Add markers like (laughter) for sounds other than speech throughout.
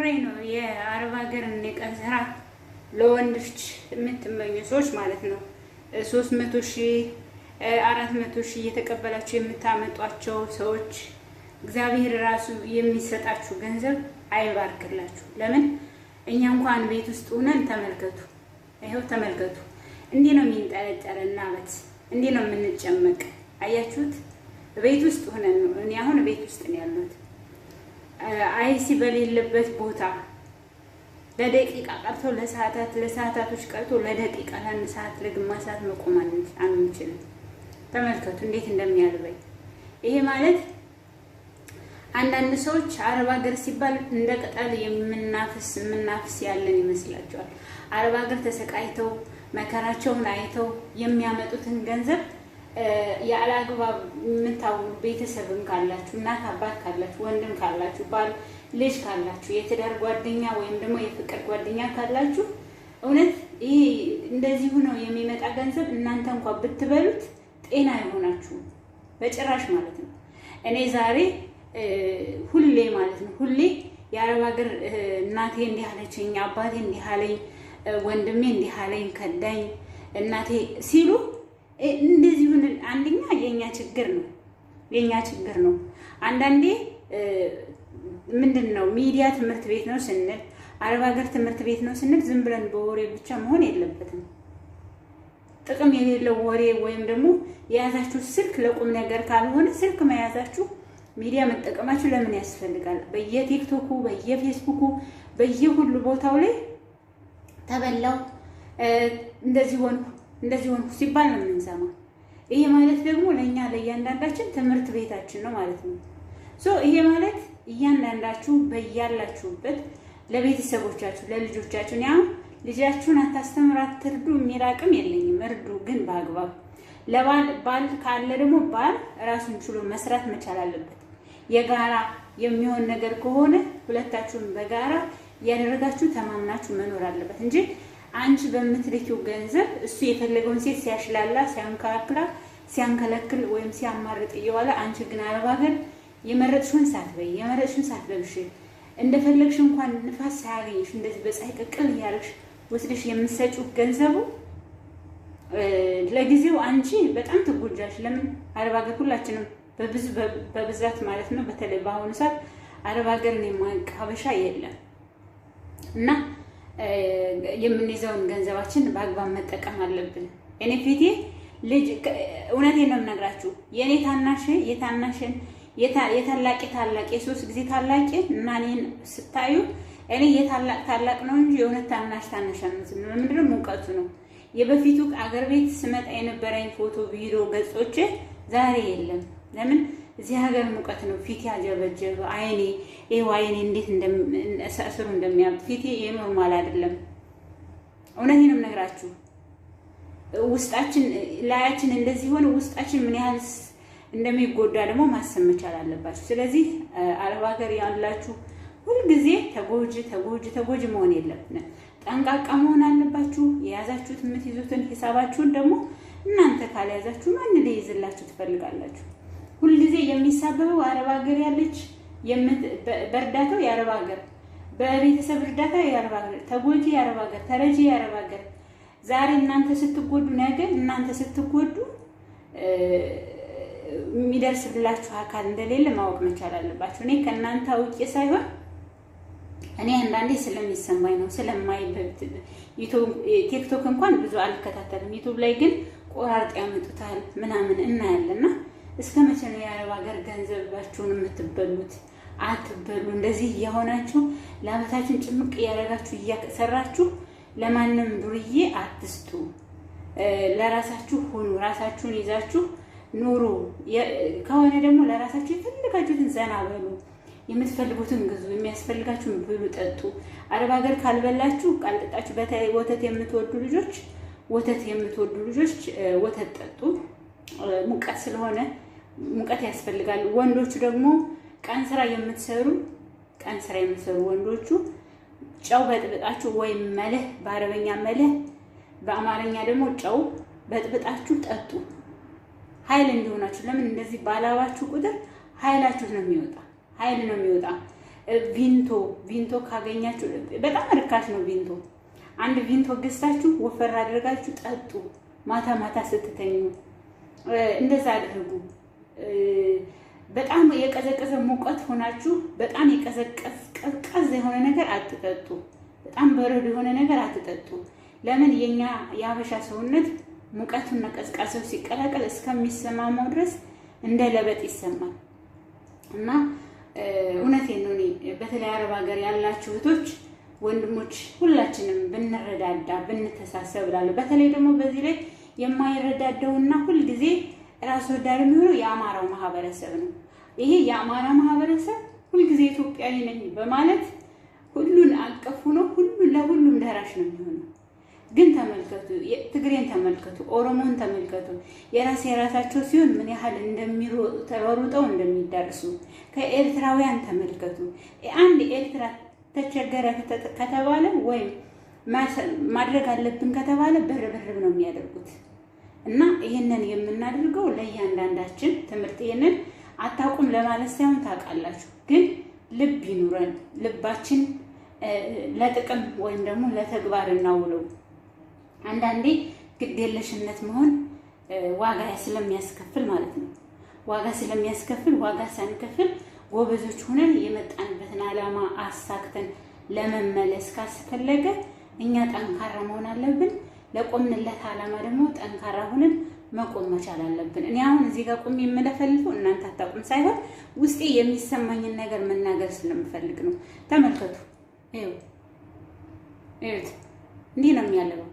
የምሬ ነው። የአረብ ሀገር የቀን ስራ ለወንዶች የምትመኙ ሰዎች ማለት ነው ሶስት መቶ ሺህ አራት መቶ ሺህ እየተቀበላቸው የምታመጧቸው ሰዎች እግዚአብሔር ራሱ የሚሰጣችሁ ገንዘብ አይባርክላችሁ። ለምን እኛ እንኳን ቤት ውስጥ ሆነን ተመልከቱ፣ ይኸው ተመልከቱ። እንዲህ ነው የሚንጠለጠለን አመት፣ እንዲህ ነው የምንጨመቅ። አያችሁት? ቤት ውስጥ ሆነን ነው። እኔ አሁን ቤት ውስጥ ነው ያሉት አይሲ በሌለበት ቦታ ለደቂቃ ቀርቶ ለሰዓታት ለሰዓታቶች ቀርቶ ለደቂቃ ለአንድ ሰዓት ለግማሽ ሰዓት መቆም አንችልም። ተመልከቱ እንዴት እንደሚያልበኝ። ይሄ ማለት አንዳንድ ሰዎች አረብ ሀገር ሲባል እንደ ቅጠል የምናፍስ የምናፍስ ያለን ይመስላቸዋል። አረብ ሀገር ተሰቃይተው መከራቸውን አይተው የሚያመጡትን ገንዘብ ያለ አግባብ የምታውሉ ቤተሰብም ካላችሁ እናት አባት ካላችሁ ወንድም ካላችሁ ባል ልጅ ካላችሁ የትዳር ጓደኛ ወይም ደግሞ የፍቅር ጓደኛ ካላችሁ እውነት ይህ እንደዚሁ ነው የሚመጣ ገንዘብ እናንተ እንኳ ብትበሉት ጤና የሆናችሁ በጭራሽ ማለት ነው። እኔ ዛሬ ሁሌ ማለት ነው ሁሌ የአረብ ሀገር እናቴ እንዲህ አለችኝ፣ አባቴ እንዲህ አለኝ፣ ወንድሜ እንዲህ አለኝ፣ ከዳኝ እናቴ ሲሉ እንደዚሁን አንደኛ የኛ ችግር ነው የኛ ችግር ነው። አንዳንዴ ምንድን ነው ሚዲያ ትምህርት ቤት ነው ስንል አረብ ሀገር ትምህርት ቤት ነው ስንል ዝም ብለን በወሬ ብቻ መሆን የለበትም። ጥቅም የሌለው ወሬ ወይም ደግሞ የያዛችሁ ስልክ ለቁም ነገር ካልሆነ ስልክ መያዛችሁ ሚዲያ መጠቀማችሁ ለምን ያስፈልጋል? በየቲክቶኩ በየፌስቡኩ በየሁሉ ቦታው ላይ ተበላው እንደዚህ ሆንኩ እንደዚህ ሆንኩ ሲባል ነው የምንሰማ። ይሄ ማለት ደግሞ ለእኛ ለእያንዳንዳችን ትምህርት ቤታችን ነው ማለት ነው። ሶ ይሄ ማለት እያንዳንዳችሁ በያላችሁበት ለቤተሰቦቻችሁ ለልጆቻችሁን ያ ልጃችሁን አታስተምራት አትርዱ የሚል አቅም የለኝም። እርዱ ግን በአግባብ ለባል ባል ካለ ደግሞ ባል ራሱን ችሎ መስራት መቻል አለበት። የጋራ የሚሆን ነገር ከሆነ ሁለታችሁን በጋራ እያደረጋችሁ ተማምናችሁ መኖር አለበት እንጂ አንቺ በምትልኪው ገንዘብ እሱ የፈለገውን ሴት ሲያሽላላ፣ ሲያንከራክራ፣ ሲያንከለክል ወይም ሲያማርጥ እየዋለ አንቺ ግን አረብ ሀገር የመረጥሽውን ሳትበይ የመረጥሽውን ሳትለብሽ እንደፈለግሽ እንኳን ንፋስ ሳያገኝሽ እንደዚህ በፀሐይ ቅቅል እያደረግሽ ወስደሽ የምትሰጪው ገንዘቡ ለጊዜው አንቺ በጣም ትጎጃሽ። ለምን አረብ ሀገር ሁላችንም በብዙ በብዛት ማለት ነው። በተለይ በአሁኑ ሰዓት አረብ ሀገር እኔ ሀበሻ የለም እና የምንይዘውን ገንዘባችን በአግባብ መጠቀም አለብን። እኔ ፊቴ ልጅ እውነቴን ነው የምነግራችሁ። የእኔ ታናሽ የታናሽን የታላቂ ታላቅ የሶስት ጊዜ ታላቂ እና እኔን ስታዩ እኔ የታላቅ ታላቅ ነው እንጂ የእውነት ታናሽ ታናሽ አልመስልም። ምንድነው ሙቀቱ ነው የበፊቱ አገር ቤት ስመጣ የነበረኝ ፎቶ ቪዲዮ ገጾች ዛሬ የለም። ለምን እዚህ ሀገር ሙቀት ነው። ፊቴ አጀበጀበ። አይኔ ይኸው አይኔ እንዴት እስሩ እንደሚያብጥ ፊቴ የኖርማል አይደለም። እውነት ነው የምነግራችሁ። ውስጣችን ላያችን እንደዚህ ሆነ ውስጣችን ምን ያህል እንደሚጎዳ ደግሞ ማሰብ መቻል አለባችሁ። ስለዚህ አረብ ሀገር ያላችሁ ሁልጊዜ ተጎጂ ተጎጅ ተጎጅ መሆን የለብንም። ጠንቃቃ መሆን አለባችሁ። የያዛችሁት የምትይዙትን ሂሳባችሁን ደግሞ እናንተ ካልያዛችሁ ማን ሊይዝላችሁ ትፈልጋላችሁ? ሁልጊዜ የሚሳበበው አረብ ሀገር ያለች በእርዳታው የአረብ ሀገር በቤተሰብ እርዳታ የአረብ ሀገር ተጎጂ የአረብ ሀገር ተረጂ የአረብ ሀገር ዛሬ እናንተ ስትጎዱ ነገ እናንተ ስትጎዱ የሚደርስላችሁ አካል እንደሌለ ማወቅ መቻል አለባችሁ። እኔ ከእናንተ አውቄ ሳይሆን እኔ አንዳንዴ ስለሚሰማኝ ነው ስለማይ ቲክቶክ እንኳን ብዙ አልከታተልም። ዩቱብ ላይ ግን ቆራርጥ ያመጡታል ምናምን እናያለና እስከ መቼ ነው የአረብ ሀገር ገንዘባችሁን የምትበሉት? አትበሉ። እንደዚህ እየሆናችሁ ለአመታችን ጭምቅ እያደረጋችሁ እያሰራችሁ ለማንም ዱርዬ አትስጡ። ለራሳችሁ ሁኑ። ራሳችሁን ይዛችሁ ኑሩ። ከሆነ ደግሞ ለራሳችሁ የፈልጋችሁትን ዘና በሉ። የምትፈልጉትን ግዙ። የሚያስፈልጋችሁን ብሉ፣ ጠጡ። አረብ ሀገር ካልበላችሁ ካልጠጣችሁ፣ በተለይ ወተት የምትወዱ ልጆች ወተት የምትወዱ ልጆች ወተት ጠጡ። ሙቀት ስለሆነ ሙቀት ያስፈልጋል። ወንዶቹ ደግሞ ቀን ስራ የምትሰሩ ቀን ስራ የምትሰሩ ወንዶቹ ጨው በጥብጣችሁ ወይም መልህ፣ በአረበኛ መልህ፣ በአማርኛ ደግሞ ጨው በጥብጣችሁ ጠጡ። ኃይል እንዲሆናችሁ። ለምን እንደዚህ ባላባችሁ ቁጥር ኃይላችሁ ነው የሚወጣ፣ ኃይል ነው የሚወጣ። ቪንቶ ቪንቶ ካገኛችሁ በጣም ርካሽ ነው ቪንቶ። አንድ ቪንቶ ገዝታችሁ ወፈር አድርጋችሁ ጠጡ። ማታ ማታ ስትተኙ እንደዛ አድርጉ። በጣም የቀዘቀዘ ሙቀት ሆናችሁ በጣም የቀዘቀዝ የሆነ ነገር አትጠጡ። በጣም በረዶ የሆነ ነገር አትጠጡ። ለምን የኛ የሀበሻ ሰውነት ሙቀቱን ቀዝቃዛው ሲቀላቀል እስከሚሰማመው ድረስ እንደ ለበጥ ይሰማል እና እውነት ነው። በተለይ አረብ ሀገር ያላችሁ እህቶች፣ ወንድሞች ሁላችንም ብንረዳዳ ብንተሳሰብ እላለሁ። በተለይ ደግሞ በዚህ ላይ የማይረዳዳውና ሁልጊዜ ራስ ወዳድ የሚሆነው የአማራው ማህበረሰብ ነው። ይሄ የአማራ ማህበረሰብ ሁልጊዜ ኢትዮጵያዊ ነኝ በማለት ሁሉን አቀፍ ሆኖ ሁሉን ለሁሉም ደራሽ ነው የሚሆነው። ግን ተመልከቱ፣ ትግሬን ተመልከቱ፣ ኦሮሞን ተመልከቱ። የራስ የራሳቸው ሲሆን ምን ያህል ተሯሩጠው እንደሚደርሱ ከኤርትራውያን ተመልከቱ። አንድ ኤርትራ ተቸገረ ከተባለ ወይም ማድረግ አለብን ከተባለ በርብርብ ነው የሚያደርጉት። እና ይህንን የምናደርገው ለእያንዳንዳችን ትምህርት ይህንን አታውቁም ለማለት ሳይሆን ታውቃላችሁ፣ ግን ልብ ይኑረን። ልባችን ለጥቅም ወይም ደግሞ ለተግባር እናውለው። አንዳንዴ ግዴለሽነት መሆን ዋጋ ስለሚያስከፍል ማለት ነው። ዋጋ ስለሚያስከፍል ዋጋ ሳንከፍል ጎበዞች ሆነን የመጣንበትን ዓላማ አሳክተን ለመመለስ ካስፈለገ እኛ ጠንካራ መሆን አለብን። ለቆምንለት ዓላማ ደግሞ ጠንካራ ሁንን መቆም መቻል አለብን። እኔ አሁን እዚህ ጋር ቁም የምለፈልፈው እናንተ አታውቁም ሳይሆን ውስጤ የሚሰማኝን ነገር መናገር ስለምፈልግ ነው። ተመልከቱ፣ እዩት፣ እንዲህ ነው የሚያለበው።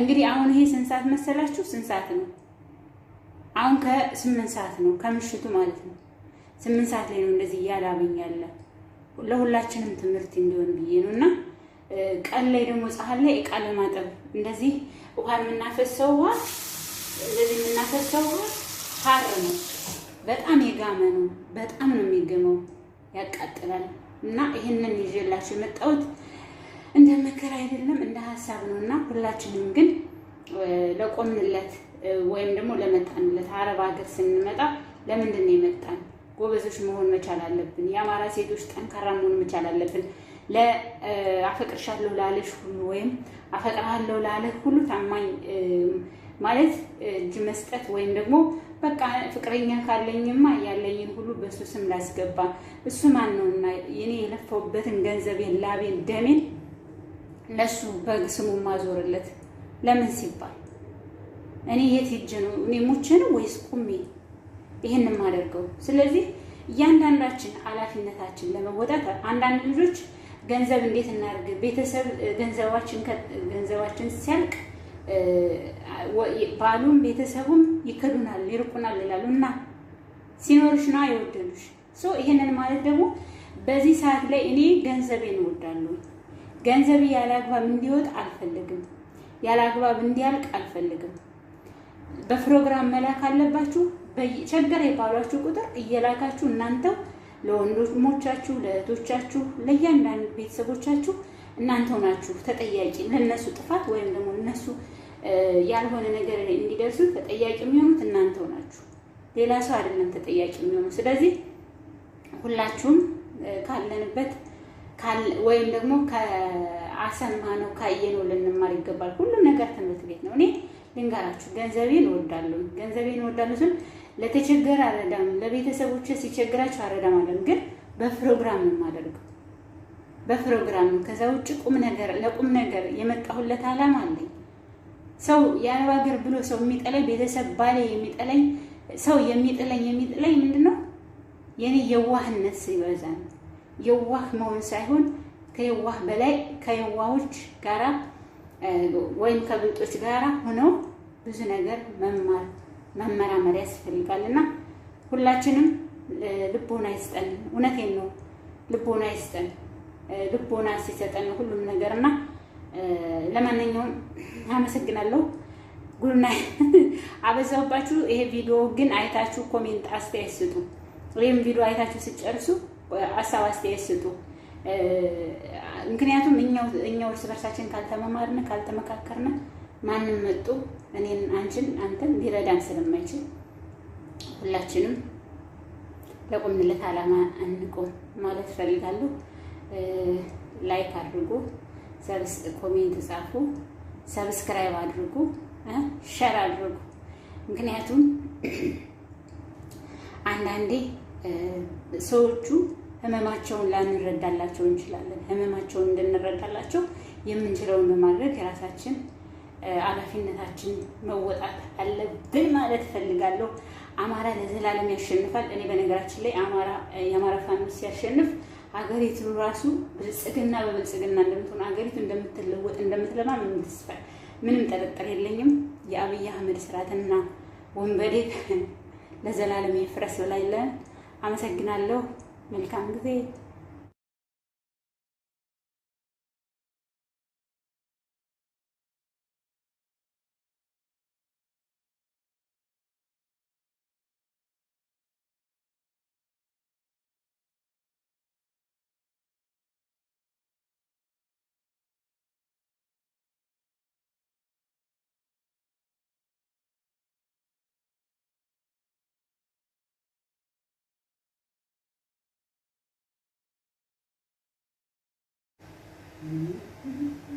እንግዲህ አሁን ይሄ ስንት ሰዓት መሰላችሁ? ስንት ሰዓት ነው? አሁን ከስምንት ሰዓት ነው ከምሽቱ ማለት ነው። ስምንት ሰዓት ላይ ነው እንደዚህ እያላበኝ ያለ ለሁላችንም ትምህርት እንዲሆን ብዬ ነው እና ቀን ላይ ደግሞ ፀሐይ ላይ እቃ ለማጠብ እንደዚህ ውሃ የምናፈሰው ውሃ እንደዚህ የምናፈሰው ውሃ ሀር ነው። በጣም የጋመ ነው። በጣም ነው የሚገመው፣ ያቃጥላል። እና ይህንን ይዤላችሁ የመጣሁት እንደ መከራ አይደለም እንደ ሀሳብ ነው። እና ሁላችንም ግን ለቆምንለት ወይም ደግሞ ለመጣንለት አረብ ሀገር ስንመጣ ለምንድን ነው የመጣን? ጎበዞች መሆን መቻል አለብን። የአማራ ሴቶች ጠንካራ መሆን መቻል አለብን። አፈቅርሻለሁ ላለሽ ሁሉ ወይም አፈቅርሃለሁ ላለህ ሁሉ ታማኝ ማለት እጅ መስጠት ወይም ደግሞ በቃ ፍቅረኛ ካለኝማ ያለኝን ሁሉ በእሱ ስም ላስገባ እሱ ማን እና እኔ የለፋውበትን ገንዘቤን፣ ላቤን፣ ደሜን ለእሱ በስሙ ማዞርለት ለምን ሲባል እኔ የት ሄጄ ነው እኔ ሙቼ ነው ወይስ ቁሜ ይህን የማደርገው? ስለዚህ እያንዳንዳችን ኃላፊነታችን ለመወጣት አንዳንድ ልጆች ገንዘብ እንዴት እናድርግ? ቤተሰብ ገንዘባችን ሲያልቅ ባሉም ቤተሰቡም ይከዱናል፣ ይርቁናል ይላሉ እና ሲኖርሽ ነው የወደዱሽ። ይህንን ማለት ደግሞ በዚህ ሰዓት ላይ እኔ ገንዘቤን እወዳለሁ። ገንዘብ ያለ አግባብ እንዲወጥ አልፈልግም፣ ያለ አግባብ እንዲያልቅ አልፈልግም። በፕሮግራም መላክ አለባችሁ። ቸገረኝ ባሏችሁ ቁጥር እየላካችሁ እናንተው ለወንድሞቻችሁ፣ ለእህቶቻችሁ፣ ለእያንዳንዱ ቤተሰቦቻችሁ እናንተው ናችሁ ተጠያቂ። ለእነሱ ጥፋት ወይም ደግሞ እነሱ ያልሆነ ነገር እንዲደርሱ ተጠያቂ የሚሆኑት እናንተው ናችሁ፣ ሌላ ሰው አይደለም ተጠያቂ የሚሆኑ። ስለዚህ ሁላችሁም ካለንበት ወይም ደግሞ ካየ ነው ልንማር ይገባል። ሁሉም ነገር ትምህርት ቤት ነው። እኔ ልንገራችሁ፣ ገንዘቤን እወዳለሁ፣ ገንዘቤን እወዳለሁ ስል ለተቸገረ አረዳም፣ ለቤተሰቦች ሲቸግራቸው አረዳም አለም ግን በፕሮግራም ነው የማደርገው በፕሮግራም ከዛ ውጭ ቁም ነገር ለቁም ነገር የመጣሁለት አላማ አለኝ። ሰው የአረብ ሀገር ብሎ ሰው የሚጠላኝ ቤተሰብ ባሌ የሚጠላኝ ሰው የሚጥለኝ የሚጥለኝ ምንድን ነው የኔ የዋህነት ሲበዛ ነው። የዋህ መሆን ሳይሆን ከየዋህ በላይ ከየዋሆች ጋራ ወይም ከብልጦች ጋራ ሆነው ብዙ ነገር መማር መመራመር ያስፈልጋል እና ሁላችንም ልቦና ይስጠን። እውነቴን ነው፣ ልቦና ይስጠን። ልቦና ሲሰጠን ሁሉም ነገር እና ለማንኛውም አመሰግናለሁ። ጉና (laughs) አበዛሁባችሁ። ይሄ ቪዲዮ ግን አይታችሁ ኮሜንት አስተያየት ስጡ። ወይም ቪዲዮ አይታችሁ ስጨርሱ ሀሳብ አስተያየት ስጡ። ምክንያቱም እኛው እርስ በርሳችን ካልተመማርን ካልተመካከርን ማንም መጡ እኔን አንቺን አንተን ሊረዳን ስለማይችል ሁላችንም ለቆምንለት ዓላማ አንቆም ማለት ፈልጋለሁ ላይክ አድርጉ፣ ኮሜንት ጻፉ፣ ሰብስክራይብ አድርጉ፣ ሸር አድርጉ። ምክንያቱም አንዳንዴ ሰዎቹ ህመማቸውን ላንረዳላቸው እንችላለን። ህመማቸውን እንድንረዳላቸው የምንችለውን በማድረግ የራሳችን አላፊነታችን መወጣት አለብን ማለት እፈልጋለሁ። አማራ ለዘላለም ያሸንፋል። እኔ በነገራችን ላይ የአማራ ፋኖ ሲያሸንፍ ሀገሪቱ ራሱ ብልጽግና በብልጽግና እንደምትሆን ሀገሪቱ እንደምትለወጥ እንደምትለማ ምንም ተስፋ ምንም ጠረጠር የለኝም። የአብይ አህመድ ስርዓትና ወንበዴ ለዘላለም ይፍረስ ብላለን። አመሰግናለሁ። መልካም ጊዜ Mm-hmm. Mm-hmm.